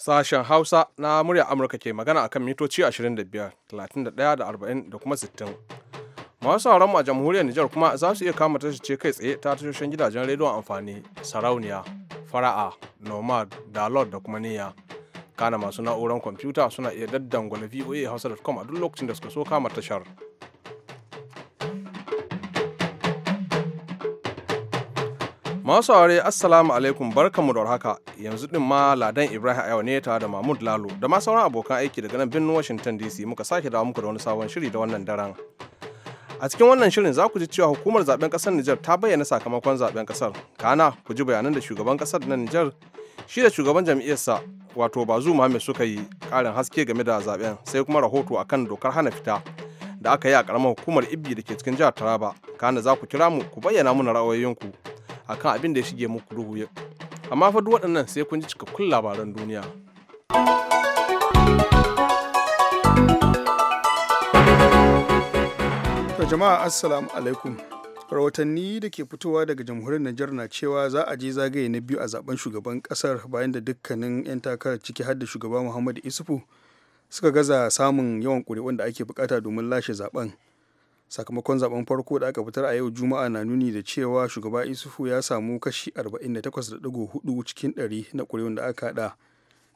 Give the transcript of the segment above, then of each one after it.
Sashen Hausa na murya Amurka ke magana akan mitoci 25, 31 da 40 da kuma 60. Masu sauranmu a jamhuriyar Nijar kuma za su iya kama tashi ce kai tsaye ta tashoshin gidajen rediyon amfani, sarauniya, fara'a, nomad, dalot da kuma niyya. Kana masu na'urar kwamfuta suna iya daddangwala voa hausa.com a duk lokacin da suka so kama tashar. Masu aure assalamu alaikum barkamu da haka yanzu din ma ladan Ibrahim Ayo ne tare da Mahmud Lalo da ma sauran abokan aiki daga nan birnin Washington DC muka sake dawo muku da wani sabon shiri da wannan daren. A cikin wannan shirin za ku ji cewa hukumar zaben kasar Nijar ta bayyana sakamakon zaben kasar. Kana ku ji bayanan da shugaban kasar na Nijar shi da shugaban jam'iyyarsa wato Bazu Muhammad suka yi karin haske game da zaben sai kuma rahoto akan dokar hana fita da aka yi a karamar hukumar Ibbi da ke cikin jihar Taraba. Kana za ku kira mu ku bayyana mana ra'ayoyinku akan abin da ya shige muku duhu yau amma fa duk waɗannan sai kun ji cikakkun labaran duniya jama'a assalamu alaikum rahotanni da ke fitowa daga jamhuriyar Nijar na cewa za a je zagaye na biyu a zaben shugaban kasar bayan da dukkanin 'yan takarar ciki har da shugaba Muhammadu Isufu suka gaza samun yawan ƙuri'un da ake bukata domin lashe zaben. sakamakon zaben farko da aka fitar a yau juma'a na nuni da cewa shugaba isufu ya samu kashi 48.4 cikin 100 na ƙuri'un da aka hada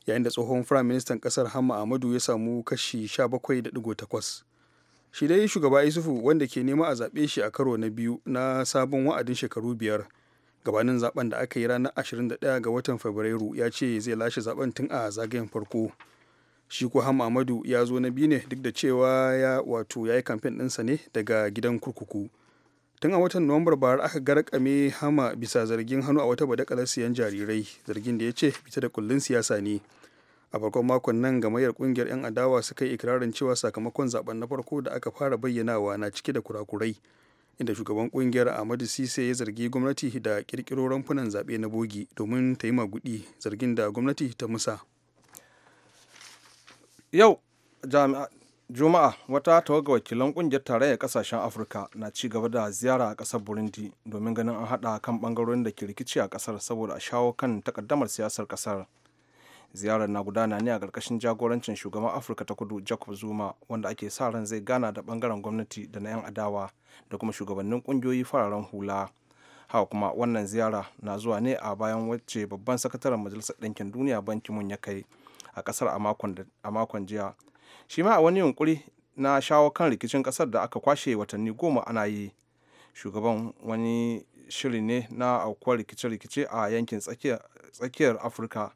yayin da tsohon firaministan ministan ƙasar hamma amadu ya samu kashi 17.8 shi dai shugaba isufu wanda ke nema a zaɓe shi a karo na biyu na sabon wa'adin shekaru biyar gabanin zaben da aka yi ranar 21 ga watan fabrairu ya ce zai lashe zaben tun a zagayen farko shi ko amadu ya zo na biyu ne duk da cewa ya wato ya yi kamfen ɗinsa ne daga gidan kurkuku tun a watan nuwambar bara aka garkame hama bisa zargin hannu a wata badakalar siyan jarirai zargin da ya ce fita da kullun siyasa ne a farkon makon nan gamayyar kungiyar 'yan adawa suka yi ikirarin cewa sakamakon zaben na farko da aka fara bayyanawa na cike da kurakurai inda shugaban kungiyar amadu sise ya zargi gwamnati da kirkiro ramfunan zaɓe na bogi domin ta yi maguɗi zargin da gwamnati ta musa yau juma'a wata tawaga wakilan kungiyar tarayyar kasashen afirka na ci gaba da ziyara a kasar burundi domin ganin an hada kan ɓangarorin da ke rikici a kasar saboda a shawo kan takaddamar siyasar kasar ziyarar na gudana ne a ƙarƙashin jagorancin shugaban afirka ta kudu jacob zuma wanda ake sa ran zai gana da bangaren gwamnati da na 'yan adawa da kuma shugabannin ƙungiyoyi fararen hula haka kuma wannan ziyara na zuwa ne a bayan wacce babban sakataren majalisar ɗinkin duniya banki mun ya kai a kasar a makon jiya shi ma a wani yunkuri na shawo kan rikicin kasar da aka kwashe watanni goma ana yi shugaban wani shiri ne na aukuwar rikice-rikice a yankin tsakiyar afirka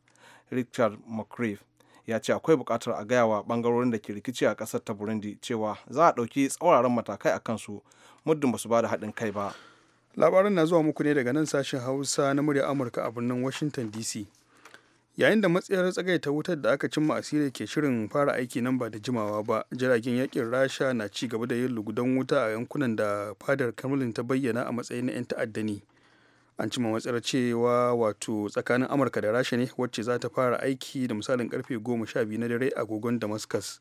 richard mccrave ya ce akwai bukatar a gaya wa bangarorin da ke rikici a kasar ta burundi cewa za a ɗauki tsauraran matakai a kansu muddin ba su ba da haɗin kai ba labarin na zuwa muku ne daga nan sashen hausa na murya amurka a birnin washington dc yayin da matsayar tsagaita wutar da aka cimma a ke shirin fara aiki nan ba da jimawa ba jiragen yakin rasha na ci gaba da yin lugudan wuta a yankunan da fadar kremlin ta bayyana a matsayin na 'yan ta'adda ne an cimma matsayar cewa wato tsakanin amurka da rasha ne wacce za ta fara aiki da misalin karfe 12 na dare agogon damascus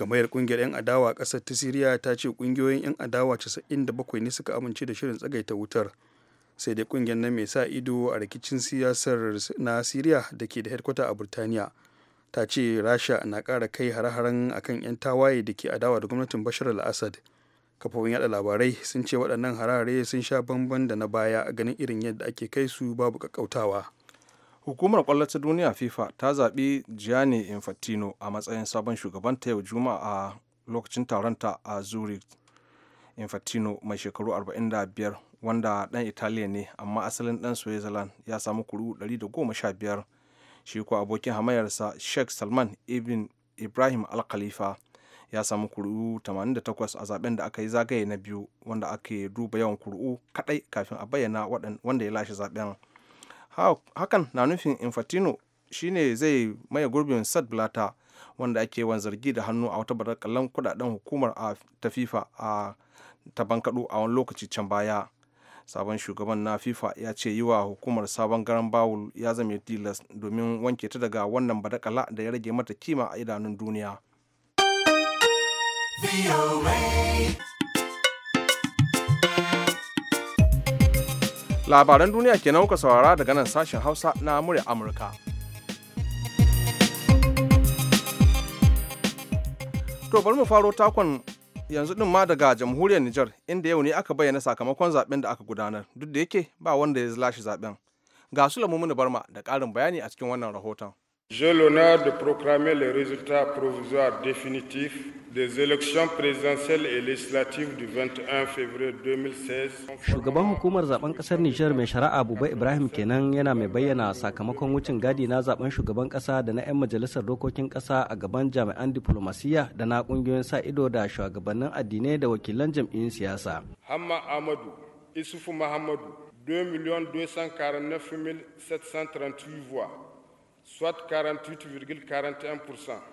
gamayar kungiyar 'yan adawa kasar ta siriya ta ce kungiyoyin 'yan adawa 97 ne suka amince da shirin tsagaita wutar sai dai kungiyar nan mai sa ido a rikicin siyasar na siriya da ke da hedkwata a burtaniya ta ce rasha na ƙara kai hare-haren akan 'yan tawaye da ke adawa da gwamnatin bashar al-assad kafofin yada labarai sun ce waɗannan harare sun sha bamban da na baya ganin irin yadda ake kai su babu kakkautawa hukumar kwallon ta duniya fifa ta zaɓi gianni infantino a matsayin sabon shugaban ta yau juma'a a lokacin ta a zurich infantino mai shekaru 45 wanda dan italiya ne amma asalin dan switzerland ya samu kuri'u 115 shi kuwa abokin hamayarsa sheikh salman ibn ibrahim al ya samu kuri'u 88 a zaben da aka yi zagaye na biyu wanda ake duba yawan kuri'u kaɗai kafin a bayyana wanda ya lashe zaben hakan na nufin infantino shine zai maye gurbin sad blatter wanda ake yawan zargi da hannu a wata barakallan kudaden hukumar ta fifa a ta bankaɗo a wani lokaci can baya sabon shugaban na fifa ya ce yi wa hukumar sabon garan bawul ya zame tilas domin wanke ta daga wannan badakala da ya rage mata kima a idanun duniya labaran duniya kenan kuka saurara daga nan sashen hausa na murya amurka To bari mu faro takon yanzu din ma daga jamhuriyar Nijar inda yau ne aka bayyana sakamakon zaben da aka gudanar duk da yake ba wanda ya lashe zaben. Ga su lamu barma da ƙarin bayani a cikin wannan rahoton. J'ai l'honneur de proclamer les résultats provisoires définitifs des élections présidentielles et législatives du 21 février 2016. Shugaban hukumar zaben kasar Nijar mai shari'a Buba Ibrahim kenan yana mai bayyana sakamakon wucin gadi na zaben shugaban kasa da na 'yan majalisar dokokin kasa a gaban jami'an diplomasiya da na kungiyoyin sa ido da shugabannin addinai da wakilan jam'iyyun siyasa. Hamma ahmadu Isufu Muhammadu, 2 249 738 voix.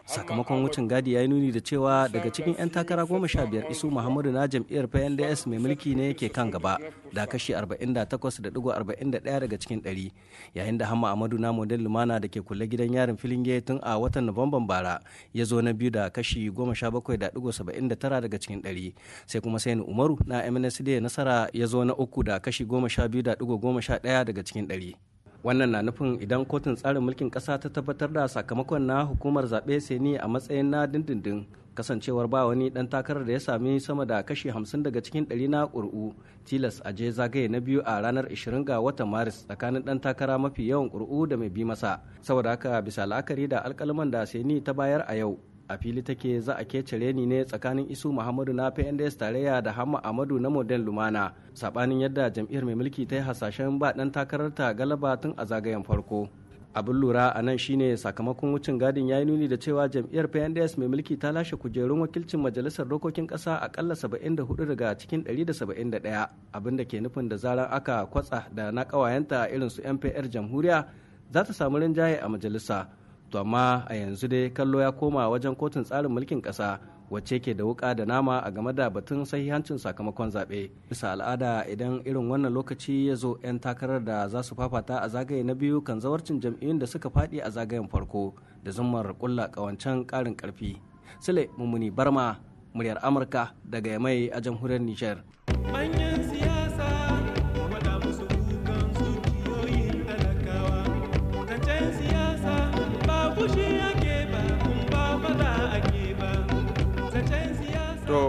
sakamakon wucin gadi ya yi nuni da cewa daga cikin 'yan takara goma sha biyar isu muhammadu na jam'iyyar pnds mai mulki ne ke kan gaba da kashi 48.41 daga cikin 100 yayin da hama amadu na model lumana da ke kula gidan yarin filinge tun a watan nuwamban bara ya zo na biyu da kashi 17.79 daga cikin 100 sai kuma sai umaru na mnsd nasara ya zo na uku da kashi 12.11 daga cikin 100 wannan na nufin idan kotun tsarin mulkin ƙasa ta tabbatar da sakamakon na hukumar zaɓe ni a matsayin na dindindin kasancewar ba wani ɗan takarar da ya sami sama da kashi hamsin daga cikin ɗari na ƙuri'u tilas a je zagaye na biyu a ranar 20 ga watan maris tsakanin ɗan takara mafi yawan ƙuri'u da mai bi masa saboda haka bisa la'akari da alƙalaman da seni ta bayar a yau a fili take za a kece ni ne tsakanin isu muhammadu na pnds tarayya da Hama amadu na modern lumana sabanin yadda jam'iyyar mai mulki ta yi hasashen ba dan takararta galaba tun a zagayen farko abin lura a nan shine sakamakon wucin gadin ya yi nuni da cewa jam'iyyar pnds mai mulki ta lashe kujerun wakilcin majalisar dokokin kasa akalla 74 daga cikin 171 abin da ke nufin da zarar aka kwatsa da na kawayenta irin su mpr jamhuriya za ta samu rinjaye a majalisa to amma a yanzu dai kallo ya koma wajen kotun tsarin mulkin ƙasa wacce ke da wuka da nama a game da batun sahihancin sakamakon zaɓe bisa al'ada idan irin wannan lokaci ya zo 'yan takarar da za su fafata a zagaye na biyu kan zawarcin jam'iyyun da suka faɗi a zagayen farko da zumar kulla ƙawancen ƙarin ƙarfi sule mummuni barma muryar amurka daga mai a jamhuriyar nijar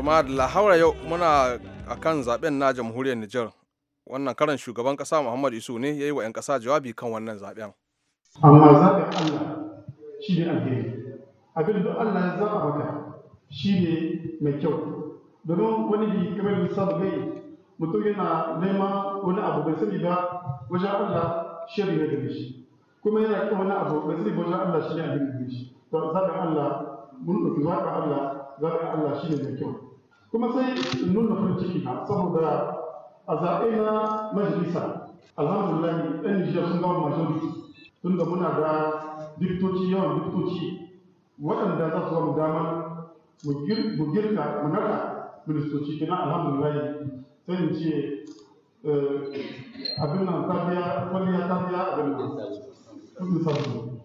to ma da lahaura yau muna a kan zaben na jamhuriyar Nijar. Wannan karan shugaban kasa Muhammad Isu ne ya yi wa 'yan kasa jawabi kan wannan zaben. Amma zaɓin Allah shi ne alheri. Abin da Allah ya zaɓa maka shi ne mai kyau. Domin wani bi kamar da gai mutum yana nema wani abu bai sani ba wajen Allah shiri ne gare shi. Kuma yana ƙin wani abu bai sani ba wajen Allah shi ne alheri da shi. Zaɓen Allah mun ɗauki zaɓen Allah zaɓen Allah shi ne mai kyau. kuma sai nuna farin ciki na saboda a zaɓe na majalisa alhamdulillah ɗan nijar sun bamu majority tun da muna da diktoci yawan diktoci waɗanda za su bamu damar mu girka mu naka ministoci kina alhamdulillah sai in ce eh, abin nan tafiya kwalliya tafiya abin nan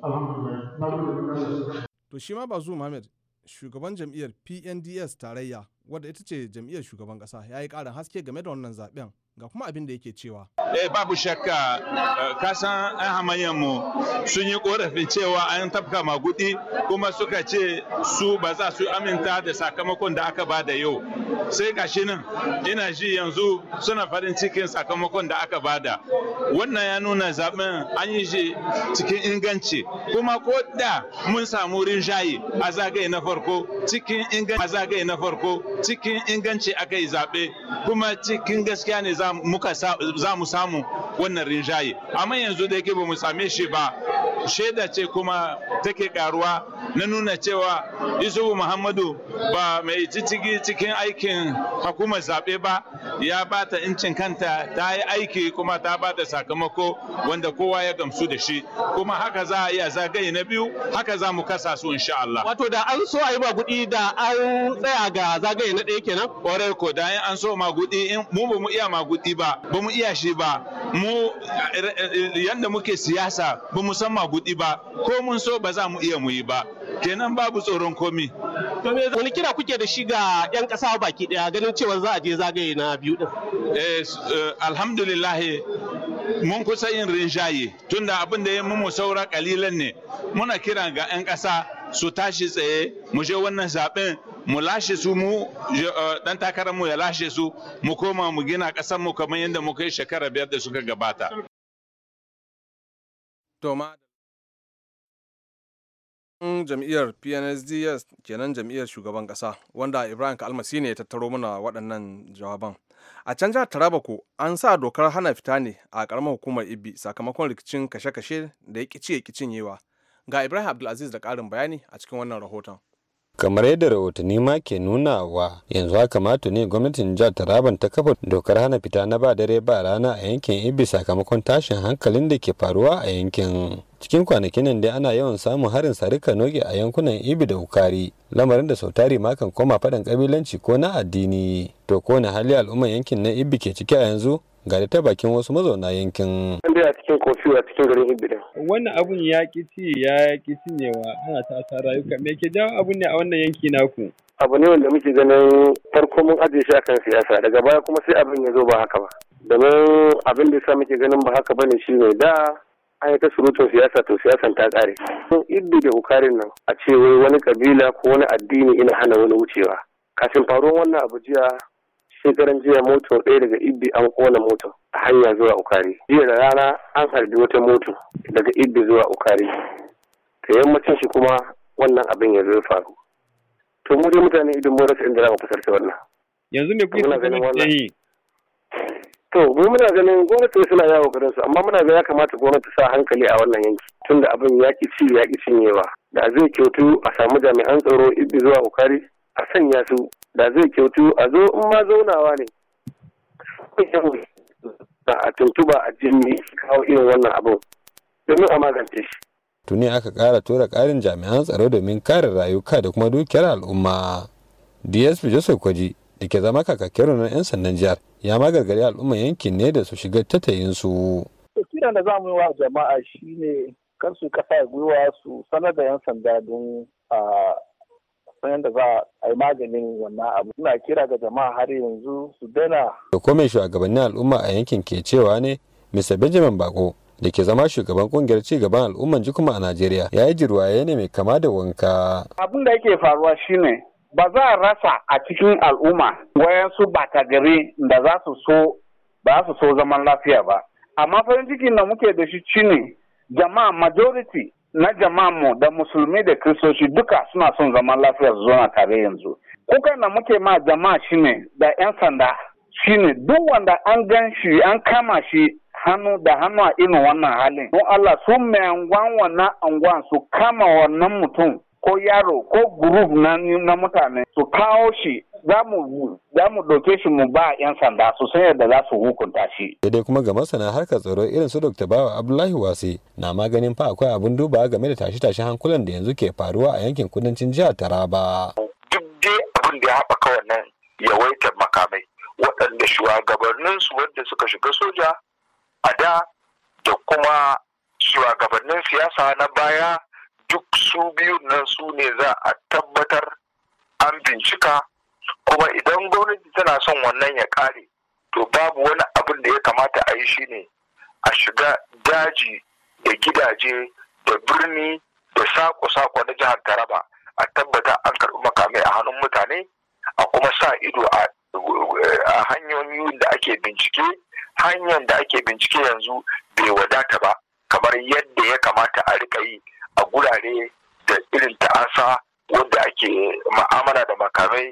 alhamdulillah na gode da To shi ma zuwa Ahmed shugaban jam'iyyar pnds tarayya wadda ita ce jam'iyyar shugaban kasa ya yi karin haske game da wannan zaben ga kuma abin da yake cewa. Eh babu shakka eh, kasan an hamayen mu sun yi korafin cewa an tafka magudi kuma suka ce su ba za su aminta da sakamakon da aka ba da yau. sai gashi nan ina ji yanzu suna farin cikin sakamakon da aka bada wannan ya nuna zaben an yi shi cikin inganci kuma ko da mun samu rinjaye a zagaye na farko cikin inganci a zagaye na farko cikin inganci aka yi zaɓe kuma cikin gaskiya ne za mu samu wannan rinjaye amma yanzu da yake ba mu same shi ba shaida ce kuma take karuwa na nuna cewa yusufu muhammadu ba mai ciki cikin aikin hukumar zaɓe ba ya bata incin kanta ta yi aiki kuma ta bata sakamako wanda kowa ya gamsu da shi kuma haka za a iya zagaye na biyu haka za mu kasa su insha Allah wato da an so a yi magudi da an tsaya ga zagaye na ɗaya kenan kwarai ko da an so magudi mu ba mu iya magudi ba ba mu iya shi ba mu eh, eh, yanda muke siyasa ba mu san magudi buɗi ba ko mun so ba za mu iya mu yi ba kenan babu tsoron komi wani kira kuke da shi ga 'yan ƙasa baki ɗaya ganin cewa za a je zagaye na biyu ɗin eh, eh, alhamdulillah mun kusa yin rinjaye tunda abin da ya mu saura kalilan ne muna kira ga 'yan ƙasa su tashi tsaye mu je wannan zaben mu lashe su mu dan eh, takarar mu ya lashe su mu koma mu gina ƙasar mu kamar yadda muka yi shekara biyar da suka gabata. jam'iyyar pnsds kenan jam'iyyar shugaban kasa wanda ibrahim kalmasi ne ya tattaro mana waɗannan jawaban a can jihar taraba ko an sa dokar hana fita ne a karamar hukumar ibbi sakamakon rikicin kashe-kashe da ya ƙici kicin yewa. ga ibrahim abdulaziz da ƙarin bayani a cikin wannan rahoton kamar yadda rahotanni ma ke nuna wa yanzu haka mato ne gwamnatin jihar taraban ta kafa dokar hana fita na ba dare ba rana a yankin ibi sakamakon tashin hankalin da ke faruwa a yankin cikin kwanakin nan dai ana yawan samun harin sarika noge a yankunan ibi da ukari lamarin da Sautari ma makan koma faɗan kabilanci ko na addini to ko na hali al'umman yankin na ibi ke ciki a yanzu ga ta bakin wasu mazauna yankin. An a cikin kofi a cikin garin Ibida. Wannan abun ya ki ci ya ki cinyewa ana ta sa rayuka me ke jawo abun ne a wannan yanki naku? Abu ne wanda muke ganin farko mun ajiye shi akan siyasa daga baya kuma sai abin ya zo ba haka ba. Domin abin da sa muke ganin ba haka bane shi ne da an yi ta surutun siyasa to siyasan ta kare sun iddi da hukarin nan a ce wai wani kabila ko wani addini ina hana wani wucewa kafin faruwar wannan abu jiya shekaran jiya moto ɗaya daga iddi an kona moto a hanya zuwa ukari jiya da rana an harbi wata moto daga iddi zuwa ukari ta yammacin shi kuma wannan abin ya zai faru to mu dai mutane idan mun rasa inda za mu fasarta wannan yanzu ne kuke ganin wannan to mu muna ganin gwamnati suna yawo garin su amma muna ga ya kamata gwamnati sa hankali a wannan yanki tunda abin ya ki ci ya ki cinyewa da zai kyautu a samu jami'an tsaro ibi zuwa ukari a sanya su da zai kyautu a zo in ma zaunawa ne a tuntuba a jini kawo irin wannan abin domin a magance shi tuni aka kara tura karin jami'an tsaro domin kare rayuka da kuma dukiyar al'umma dsp joseph kwaji da ke zama kakakin rundunar 'yan sandan jihar ya gargari al'ummar yankin ne da su shiga su kiran da za mu yi wa jama'a shine kar su kasa gwiwa su sanar da 'yan sanda don a sanar da za a yi maganin wannan abu suna kira ga jama'a har yanzu su daina. da kome shugabannin al'umma a yankin ke cewa ne mr benjamin bako da ke zama shugaban kungiyar ci gaban al'umman jikuma a najeriya ya yi jirwaye ne mai kama da wanka. abin da yake faruwa shine ba za a rasa a cikin al'umma wayansu bata gari da za su so ba su so zaman lafiya ba amma farin cikin da muke da shi shine jama'a majority na jama'a mu da musulmi da kristoci duka suna son zaman lafiya su zauna tare yanzu kukan da muke ma jama'a shine da 'yan sanda shine duk wanda an gan shi an kama shi hannu da hannu a irin wannan halin don Allah su mai wannan anguwan su kama wannan mutum ko yaro ko group na, na mutane su kawo shi za mu ɗauke shi mu ba 'yan sanda su san yadda za su hukunta shi. Daidai kuma ga masana harkar tsaro irin su Dr. Bawa Abdullahi Wase na maganin fa akwai abin duba game da tashe-tashen hankulan da yanzu ke faruwa a yankin kudancin jihar Taraba. Duk dai abin da ya haɓaka wannan yawaitar makamai waɗanda su wanda suka shiga soja a da da kuma shugabannin siyasa na baya su biyu nan su ne za a tabbatar an bincika kuma idan gwamnati tana son wannan ya kare to babu wani abin da ya kamata a yi shine a shiga daji da gidaje da birni da sako-sako na jihar taraba a tabbata an karɓi makamai a hannun mutane a kuma sa ido a hanyoyin da ake bincike hanyar da ake bincike yanzu bai wadata ba kamar yadda ya kamata a rika yi a gurare da irin ta'asa wanda ake ma'amala da makamai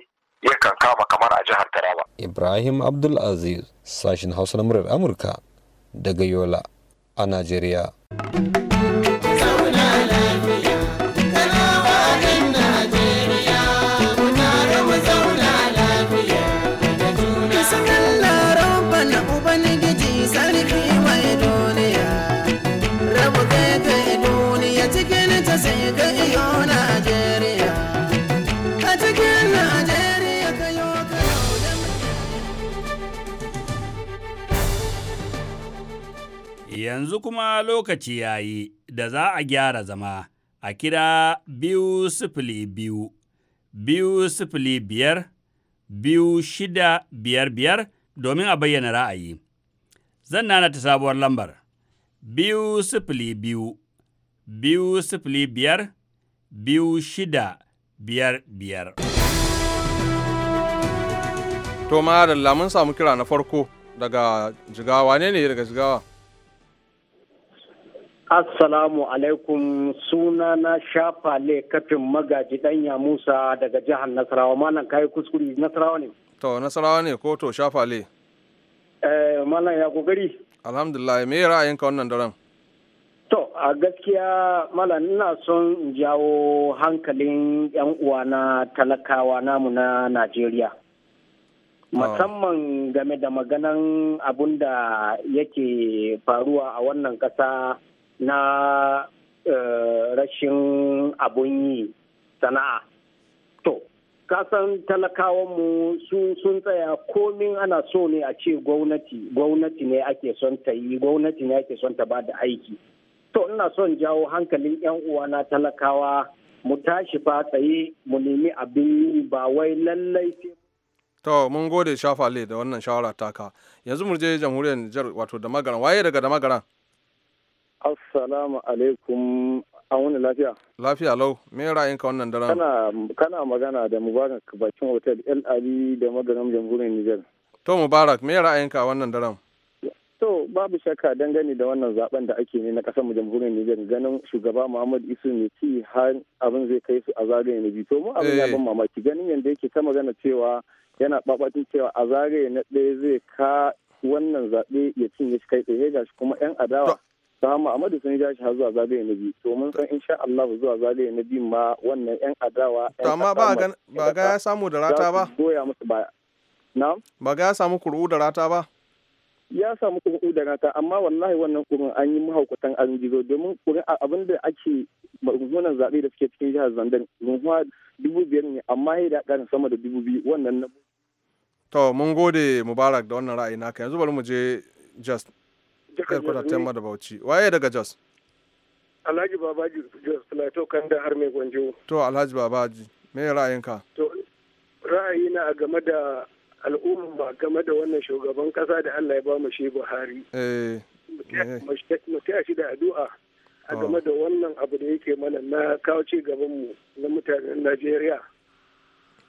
yakan kama kamar a jihar Taraba. Ibrahim Abdulaziz sashin Hausa na murar Amurka daga Yola a Najeriya. yanzu kuma lokaci ya yi da za a gyara zama a kira biyu sifili biyu, biyu sifili biyar, biyu shida biyar biyar domin a bayyana ra'ayi. Zan nana ta sabuwar lambar, biyu sifili biyu, biyu sifili biyar, biyu shida biyar biyar. To ma mun samu kira na farko daga jigawa ne ne daga jigawa? Assalamu alaikum suna na shafa le kafin magaji danya Musa daga jihar Nasarawa malam kai kuskure Nasarawa ne. To Nasarawa ne ko to shafa le. Eh malam ya kokari. Alhamdulillah me ka wannan daren? To a gaskiya malam ina son jawo hankalin yan uwa na talakawa namu na Najeriya. Musamman game da maganan abun da yake faruwa a wannan ƙasa na eh, rashin abun yi sana'a to kasan talakawanmu su sun tsaya komin ana so ne a ce gwamnati gwamnati ne ake son ta yi gwamnati ne ake son ta ba da aiki to ina son jawo hankalin 'yan uwana talakawa mu tashi fa tsaye mu nemi abin yi ba wai lallai sai to mun gode shafale da wannan shawara taka yanzu mu je jamhuriyar Nijar wato da magaran waye daga da magaran Assalamu alaikum an wani lafiya. Lafiya lau, me ka wannan daren? Kana, kana magana da Mubarak bakin hotel El Ali da maganin jamhuriyar Nijar. To Mubarak, me ka wannan daren? To babu shakka dangane da wannan zaben da ake ne na kasar jamhuriyar Nijar ganin shugaba Muhammad Isu ne ci har abin zai kai su a zagaye na biyu. To mu abin ya eh. ban mamaki ganin yadda yake ta magana cewa yana babatin cewa a zagaye na ɗaya zai ka wannan zaɓe ya cinye shi kai tsaye shi kuma 'yan adawa. samu amadu sun ja shi har zuwa zagaye na biyu to mun san insha Allah zuwa zagaye na biyu ma wannan yan adawa to amma ba ga ba ga ya samu da rata ba goya musu baya na'am ba ga ya samu kuru'u da rata ba ya samu kuru'u da rata amma wallahi wannan kurun an yi mahaukatan an gizo domin kurun abin da ake rungunan zaɓe da suke cikin jihar Zandan runguwa dubu biyar ne amma ya da ƙarin sama da dubu biyu wannan na to mun gode mubarak da wannan ra'ayi naka yanzu bari mu je just Yarkuta Tema da Bauchi. Waye daga Jos? Alhaji Babaji Jos Plateau Kanda har mai gwanjo. To Alhaji Babaji, me ra'ayinka? To ra'ayina a game da al'umma game da wannan shugaban kasa da Allah ya ba mu shi Buhari. Eh. Mu eh. shi da addu'a. a game da wannan abu da yake mana na kawo ci gabanmu na mutanen Najeriya.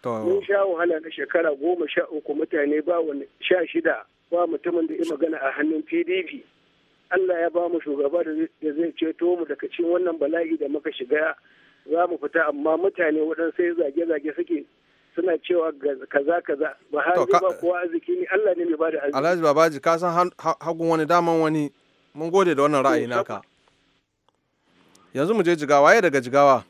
Mun sha wahala na shekara goma sha uku mutane ba wani sha shida ba mutumin da ya magana a hannun PDP. Allah ya ba mu shugaba da zai ceto mu daga cikin wannan bala'i da muka shiga za mu fita amma mutane waɗansu sai zage-zage suke suna cewa kaza kaza ba ba kowa arziki ne Allah ne mai bada arziki Alhaji Babaji ka san hagun wani daman wani mun gode da wannan ra'ayi naka yanzu mu je jigawa ya daga jigawa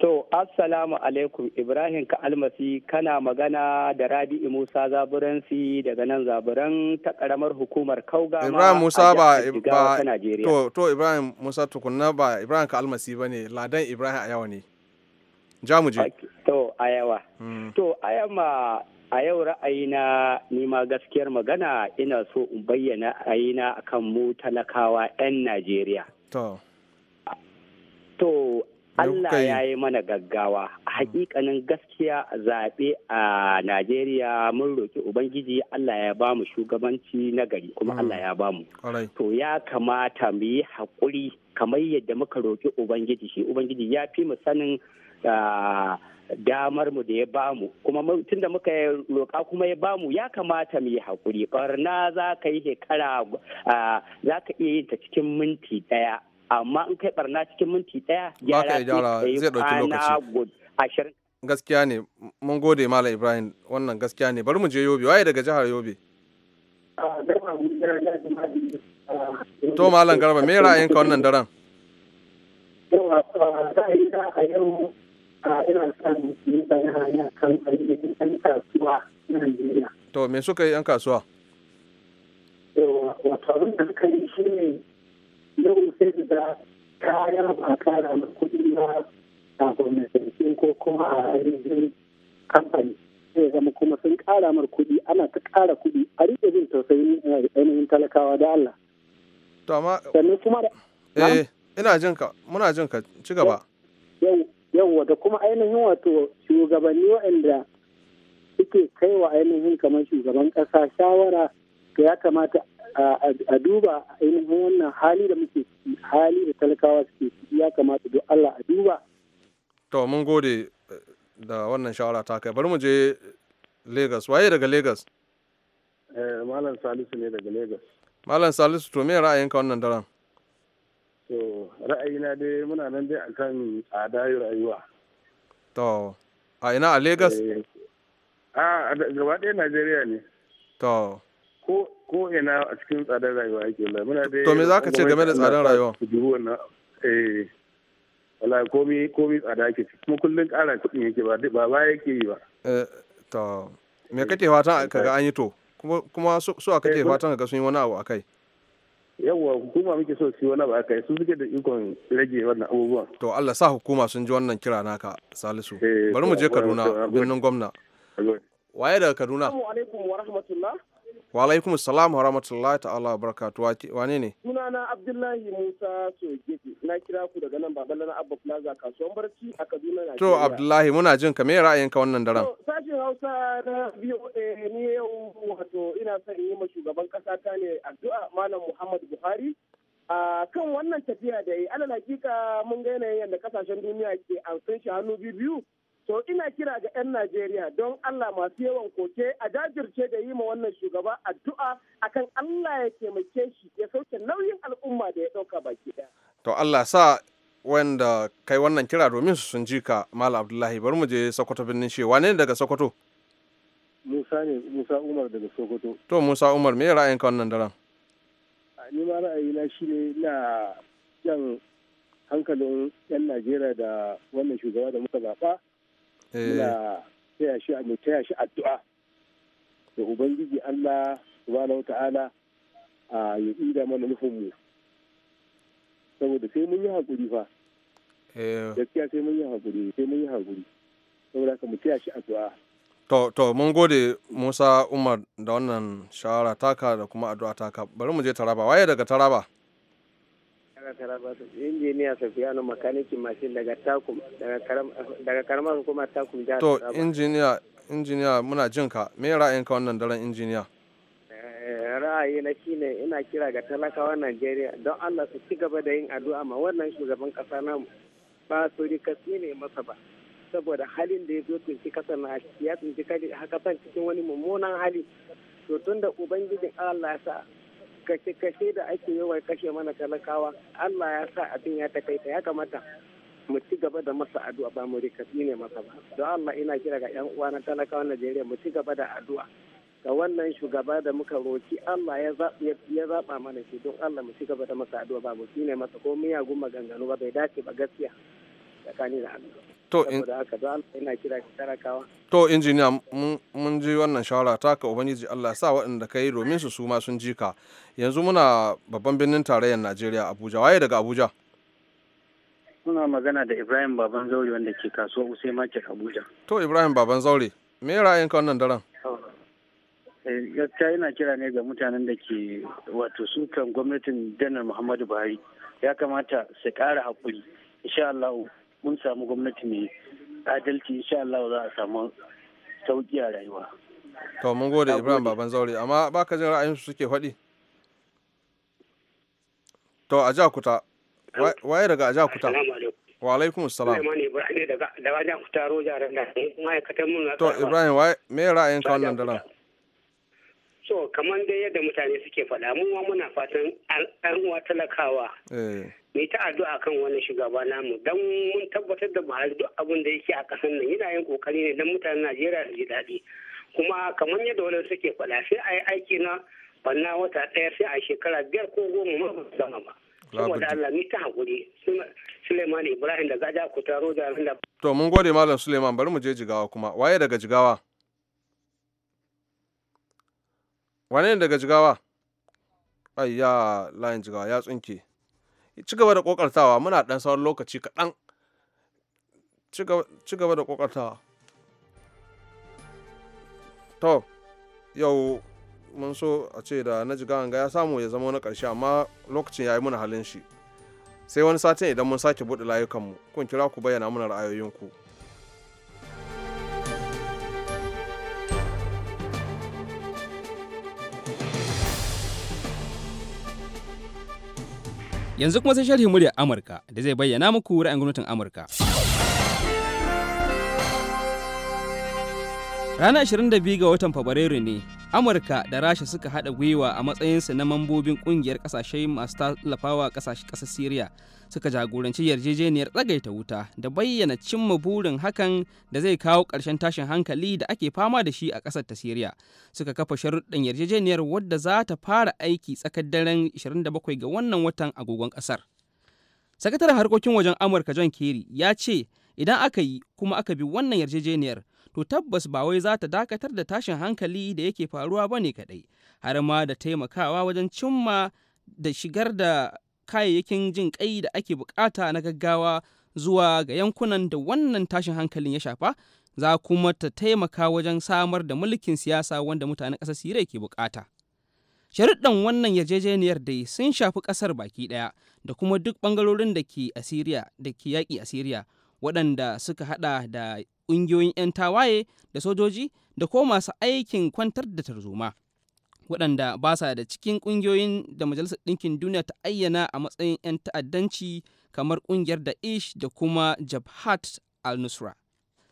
To, Assalamu alaikum Ibrahim ka almasi kana magana da Rabi'u Musa Zaburansi daga nan zaburan ta karamar hukumar Kauga Ibrahim Musa ba to, to Ibrahim Musa tukunna ba Ibrahim ka almasi ba ne, ladan Ibrahim Ayawa ne. Ja To, Ayawa. Hmm. To, Ayama a yau ra'ayina ni ma gaskiyar magana ina so in bayyana ra'ayina akan mu talakawa 'yan Najeriya. To. To, Allah ya yi mana gaggawa. Mm. Hakikanin gaskiya zaɓe a Najeriya mun roƙi Ubangiji Allah ya ba mu shugabanci na gari kuma mm. Allah ya ba mu. To ya kamata mu yi haƙuri kamar yadda muka roƙi Ubangiji shi Ubangiji ya fi mu sanin damar mu da ya bamu kuma tunda muka roƙa kuma ya bamu ya kamata mu yi haƙuri barna za ka yi shekara za ka iya yin ta cikin minti ɗaya amma in kai barna cikin minti daya gyara zai dauki lokaci ashirin gaskiya ne mun gode malam ibrahim wannan gaskiya ne bari mu je yobe waye daga jihar yobe ah, ah, to malam garba me ka wannan daren ah, a ina a kasuwa na To, me suka yi 'yan kasuwa? abin da suka yi shi ne yau sai da kayan ba kara na kuɗi na a gwamnatance ko kuma a ainihin kamfani sai zama kuma sun kara mar kuɗi ana ta kara kuɗi a riƙe jin tausayin eh, ainihin talakawa da Allah. To amma sannan kuma da eh ina jin ka muna jin ka ci gaba. Yau da kuma ainihin wato shugabanni waɗanda suke kai wa ainihin kamar shugaban ƙasa shawara to ya kamata a duba ainihin wannan hali da muke hali da talakawa suke ya kamata duk Allah a duba. To mun gode eh, da wannan shawara ta kai bari mu je Lagos waye daga Lagos? Eh, Malam Salisu ne daga Lagos. Malam Salisu to me ra'ayinka wannan daren? To ra'ayina dai muna nan dai akan tsada rayuwa. To a ina a Lagos? Eh, a gaba ɗaya Najeriya ne. To. ko ina a cikin tsadar rayuwa yake wallahi muna dai to me zaka ce game da tsadar rayuwa eh wallahi komi komi tsada yake kuma kullun ƙara kuɗin yake ba ba ba yake yi ba eh to me kake fatan kaga an yi to kuma kuma so aka ce eh, fatan kaga sun yi wani abu akai yawwa hukuma muke so su yi wani abu akai su suke da ikon rage wannan abubuwan to Allah sa hukuma sun ji wannan kira naka Salisu eh, bari mu je Kaduna birnin gwamna waye daga Kaduna assalamu alaikum wa rahmatullah wa alaikum salam wa rahmatullahi ta'ala barakatu wa ne na abdullahi musa sogeti na kira ku daga nan baban na abba plaza kasuwan barci a kaduna na to abdullahi muna jin ka me ra'ayinka wannan daren sashin hausa na voa ni yau wato ina son yi ma shugaban kasa ta ne addu'a malam muhammad buhari a kan wannan tafiya da yi alal hakika mun ga yanayin yadda kasashen duniya ke an shi hannu biyu To ina kira ga 'yan Najeriya don Allah masu yawan koke a jajirce da yi ma wannan shugaba addu'a akan Allah ya taimake shi ya sauke nauyin al'umma da ya dauka baki ɗaya. To Allah sa wanda kai wannan kira domin su sun ji ka Malam Abdullahi bari mu je Sokoto birnin wane ne daga Sokoto? Musa ne Musa Umar daga Sokoto. To Musa Umar me ka wannan daren? Ni ma ra'ayi shi ne ina jan hankalin 'yan Najeriya da wannan shugaba da muka zaɓa. Eh. muna taya shi taya shi addu'a da ubangiji Allah subhanahu ta'ala a ya ida mana nufin mu yi hakuri fa eh. gaskiya sai mun yi hakuri sai mun yi hakuri saboda mu taya shi addu'a to to mun gode Musa Umar da wannan shawara taka da kuma addu'a taka bari mu je Taraba waye daga Taraba daga karabatu injiniya safiyanu makaniki mashin daga takum daga karamar hukumar takum jihar to injiniya injiniya muna jin ka me ra'ayinka wannan daren injiniya eh, ra'ayi na shine ina kira ga talakawan najeriya don allah su ci gaba da yin addu'a ma wannan shugaban kasa namu ba su rikasi ne masa ba saboda halin da ya zo tunci kasa na ya tunci san cikin wani mummunan hali to tunda da ubangijin allah sa kashe-kashe da ake yawan kashe mana talakawa allah ya sa abin ya takaita ya kamata mu ci gaba da masa addu'a ba mu rikafi ne masa ba don allah ina kira ga yan uwa na talakawa najeriya mu ci gaba da addu'a ga wannan shugaba da muka roki allah ya zaba mana shi don allah mu ci gaba da masa addu'a ba mu ne masa ko miyagun maganganu ba bai dace ba gaskiya tsakani da allah to in yana kira to injiniya mun ji wannan shawara ta ka ubangiji Allah sa waɗanda ka yi domin su su ma sun ji ka yanzu muna babban birnin tarayyar Najeriya Abuja waye daga Abuja muna magana da Ibrahim Baban Zaure wanda ke kasuwar Usai Market Abuja to Ibrahim Baban Zaure me ra'ayinka wannan daren eh, gaskiya yana kira ne ga mutanen da ke wato sukan gwamnatin janar muhammadu buhari ya kamata su ƙara haƙuri insha Allah mun samu gwamnati mai adalci insha Allah za a samu sauki a rayuwa to mun gode Ibrahim baban zaure amma ba ka jin ra'ayin su suke faɗi to a kuta. waye daga a kuta? wa alaikum salam eh, to Ibrahim waye me ra'ayin ka wannan daren so kamar dai yadda mutane suke faɗa mu ma muna fatan an uwa talakawa eh. mu ta addu'a kan wannan shugaba namu don mun tabbatar da Buhari duk abin da yake a ƙasar nan yana yin kokari ne don mutanen Najeriya su ji daɗi kuma kamar yadda wani suke faɗa sai a yi aiki na banna wata ɗaya sai a shekara biyar ko goma ma ba zama ba saboda Allah ni ta haƙuri Suleiman Ibrahim da Gaja taro da To mun gode Malam Suleiman bari mu je Jigawa kuma waye daga Jigawa wane ne daga jigawa ya layin jigawa ya tsunke ci gaba da kokartawa muna dan sauran lokaci kaɗan ci gaba da kokartawa to yau mun so a ce da na jigawan ga ya samu ya zama na ƙarshe amma lokacin ya yi muna halin shi sai wani satin idan mun sake buɗe layukanmu kun kira ku bayyana mana ra'ayoyinku Yanzu kuma sai sharhi muryar Amurka da zai bayyana muku ra'ayin gwamnatin Amurka. Ranar 22 ga watan Fabrairu ne amurka da rasha suka haɗa gwiwa a matsayinsu na mambobin ƙungiyar kasashe masu tallafawa ƙasar siriya suka jagoranci yarjejeniyar tsagaita wuta da bayyana cimma burin hakan da zai kawo ƙarshen tashin hankali da ake fama da shi a ƙasar ta siriya suka kafa sharuɗin yarjejeniyar wadda za ta fara aiki tsakar daren 27 ga wannan watan agogon ƙasar sakataren harkokin wajen amurka john kerry ya ce idan aka yi kuma aka bi wannan yarjejeniyar to tabbas ba wai za ta dakatar da tashin hankali da yake faruwa ba ne kaɗai, har ma da taimakawa wajen cimma da shigar da kayayyakin jin ƙai da ake bukata na gaggawa zuwa ga yankunan da wannan tashin hankalin ya shafa, za kuma ta taimaka wajen samar da mulkin siyasa wanda mutanen ƙasar Sirai ke bukata Sharuɗan wannan yarjejeniyar dai sun shafi ƙasar baki ɗaya da kuma duk ɓangarorin da ke Asiriya da ke yaƙi a Siriya. waɗanda suka haɗa da ƙungiyoyin 'yan tawaye da sojoji da ko masu aikin kwantar da tarzoma waɗanda ba sa da cikin ƙungiyoyin da majalisar ɗinkin duniya ta ayyana a matsayin 'yan ta'addanci kamar ƙungiyar da ish da kuma jabhat al-nusra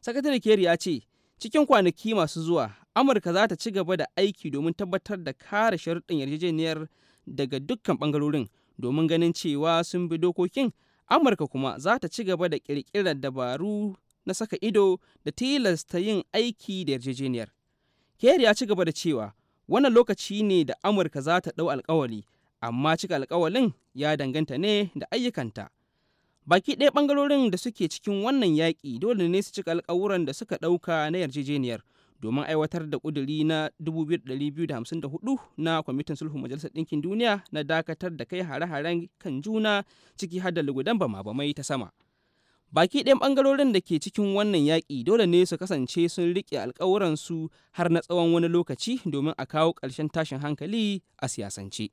sakatare kerry ya ce cikin kwanaki masu zuwa amurka za ta ci gaba da aiki domin tabbatar da kare sharuɗin yarjejeniyar daga dukkan ɓangarorin domin ganin cewa sun bi dokokin amurka kuma za ta ci gaba da ƙirƙirar dabaru na saka ido da tilasta yin aiki da yarjejeniyar kerry ya ci gaba da cewa wannan lokaci ne da amurka za ta ɗau alkawali amma cika alkawalin ya danganta ne da ayyukanta baki ɗaya ɓangarorin da suke cikin wannan yaƙi dole ne su cika alkawuran da suka ɗauka na yarjejeniyar domin aiwatar da kuduri na 2254 na kwamitin sulhu majalisar ɗinkin duniya na dakatar da kai hare-haren kan juna ciki har da lugudan bama-bamai ta sama baki ɗayan ɓangarorin da ke cikin wannan yaƙi dole ne su kasance sun riƙe alƙawuransu har na tsawon wani lokaci domin a kawo ƙarshen tashin hankali a siyasance.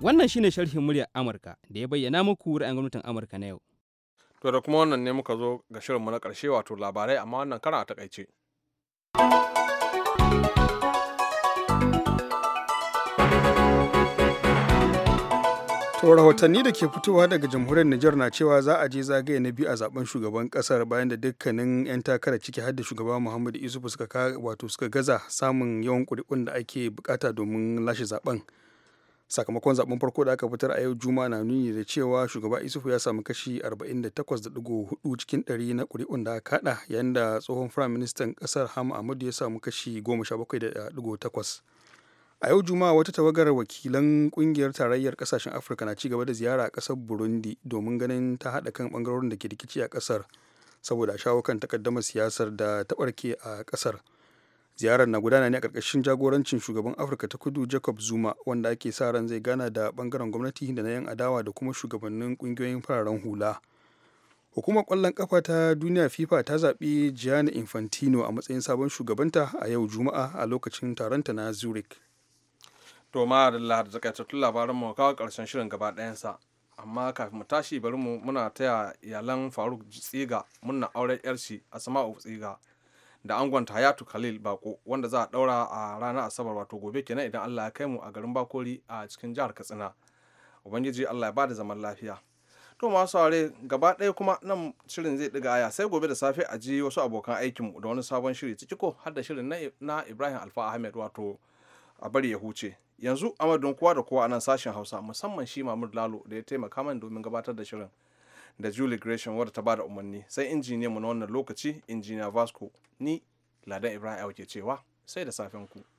Wannan shine sharhin muryar Amurka da ya bayyana muku ra'ayin gwamnatin Amurka na yau. To da kuma wannan ne muka zo ga shirinmu na ƙarshe wato labarai amma wannan karan a takaice. To rahotanni da ke fitowa daga jamhuriyar Nijar na cewa za a je zagaye na biyu a zaben shugaban kasar bayan da dukkanin 'yan takarar ciki har da shugaba Muhammadu Isufu suka wato suka gaza samun yawan kuri'un da ake bukata domin lashe zaben. sakamakon zaben farko da aka fitar a yau juma na nuni da cewa shugaba isufu ya samu kashi 48.4 cikin 100 na kuri'un da aka haɗa yayin da tsohon firayim ministan kasar ham ahmadu ya samu kashi 17.8 a yau juma wata tawagar wakilan kungiyar tarayyar kasashen afirka na cigaba da ziyara a kasar burundi domin ganin ta haɗa kan bangarorin da ke rikici a kasar saboda shawo kan takaddamar siyasar da ta ɓarke a kasar ziyarar na gudana ne a ƙarƙashin jagorancin shugaban afirka ta kudu jacob zuma wanda ake sa ran zai gana da bangaren gwamnati da na 'yan adawa da kuma shugabannin ƙungiyoyin fararen hula hukumar ƙwallon kafa ta duniya fifa ta zaɓi gianni infantino a matsayin sabon shugabanta a yau juma'a a lokacin taronta na zurich to ma da lahar takaitattun labaran mu kawo ƙarshen shirin gaba ɗayansa amma kafin mu tashi bari mu muna taya iyalan faruk tsiga muna auren yarci asma'u tsiga da ta hayatu khalil bako wanda za a daura a ranar asabar wato gobe kenan idan allah ya kai mu a garin bakori a cikin jihar katsina ubangiji allah ya bada zaman lafiya to masu aure gaba ɗaya kuma nan shirin zai ɗiga aya sai gobe da safe a ji wasu abokan aikinmu da wani sabon shiri ciki ko har da shirin na ibrahim alfa ahmed wato a bari ya huce yanzu amadon kowa da kowa a nan sashen hausa musamman shi mahmud lalo da ya taimaka min domin gabatar da shirin da Julie Gresham wadda ta bada umarni sai injiniyanmu na wannan lokaci injiniya Vasco ni Ladan Ibrahim ke cewa sai da safen ku.